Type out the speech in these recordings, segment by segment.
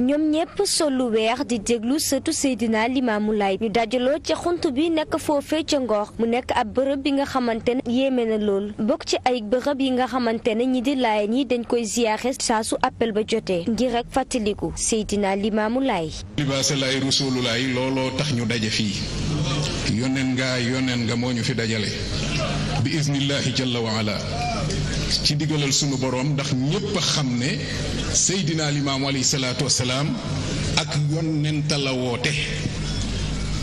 ñoom ñépp sol lu weex di déglu sëtu Seydina Limaamu Laay ñu dajaloo ca xunt bi nekk foofee ca ngoox mu nekk ab bërëb bi nga xamante ne yéeme na lool bokk ci ay bërëb yi nga xamante ne ñi di laay ñi dañ koy ziyaare saa su appel ba jotee ngir ak fàttaliku Seydina Limaamu Laay libaase laay rusulu laay looloo tax ñu daje fii yoneen ngaa yoneen nga moo ñu fi dajale bi iznillahi jalla wa ci digalal sunu boroom ndax ñépp xam ne seydina limaam alayhi salaatu ak yonenta la woote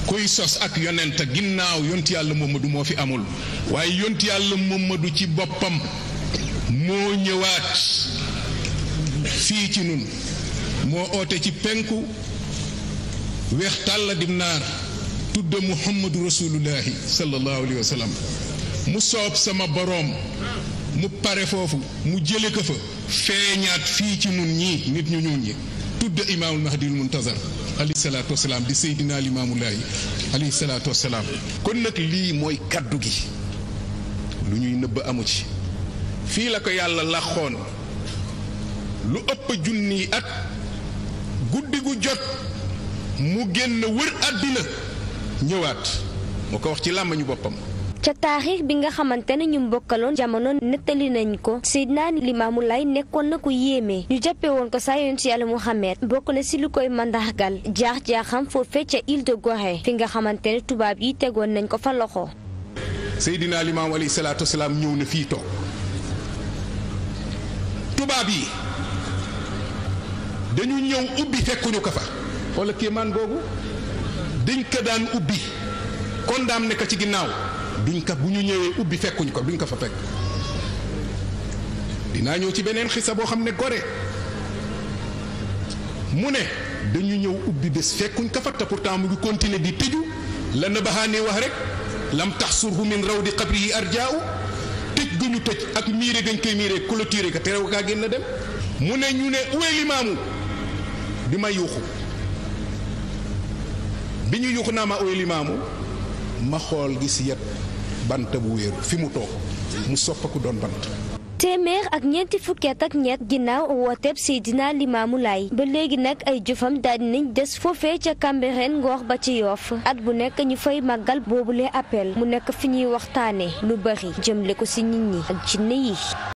kuy sos ak yonenta ginnaaw yont yàlla Muhammadu moo fi amul waaye yont yàlla Muhammadu ci boppam moo ñëwaat fii ci nun moo oote ci penku weex tàll dim naar tudde muhammadu rasulullahi sallallahu mu soob sama boroom mu pare foofu mu jële ko fa feeñaat fii ci nun ñii nit ñu ñuul ñi tudde imaamul mahdil muntazar alayhi salaatu wasalaam di seydina limaamulaay alayhi salaatu wasalaam kon nag lii mooy kaddu gi lu ñuy nëbb amu ci fii la ko yàlla laxoon lu ëpp junni at guddi gu jot mu génn wër àddina ñëwaat moo ko wax ci làmmiñu boppam. ca taarix bi nga xamante ne ñu bokkaloon jamono nettali nañ ko Seydina Limaamu lay nekkoon na ko yéeme ñu jàppee ko saa yoon ci yàlla Muhammad bokk na si lu koy mandaxgal jaax-jaaxam foofee ca île de fi nga xamante ne tubaab yi tegoon nañ ko fa loxo. Seydina Limaamu alayhi salaatu wasalaam ñëw na fii toog tubaab yi dañu ñëw ubbi fekkuñu ko fa wala kéemaan googu. dañ ko daan ubbi kon daam nekk ci ginnaaw duñ ko bu ñu ñëwee ubbi fekkuñ ko duñ ko fa fekk dinaa ñëw ci beneen xisa boo xam ne gore mu ne dañu ñëw ubbi bés fekkuñ ko fa te pourtant mu ngi continuer di tëju la Nabahaani wax rek lam tax taxsurhu min rawdi qabrihi arjaaw tëj gu ñu tëj ak miire gañ koy miire clôture ka terew kaa génn dem mu ne ñu ne uwe limaamu bi ma yuuxu bi ñu yuuxu naa ma ooy limaamu ma xool gis yet bant bu wéeru fi mu toog mu soppaku doon bant téeméer ak ñeenti fukkeet ak ñett ginnaaw wooteeb Seydina Limaamu Laay ba léegi nag ay jëfam daal dinañ des foofee ca Cambérène Ngor ba ci yoof at bu nekk ñu fay màggal boobule appel mu nekk fi ñuy waxtaane lu bari jëmle ko ci nit ñi ak jinne yi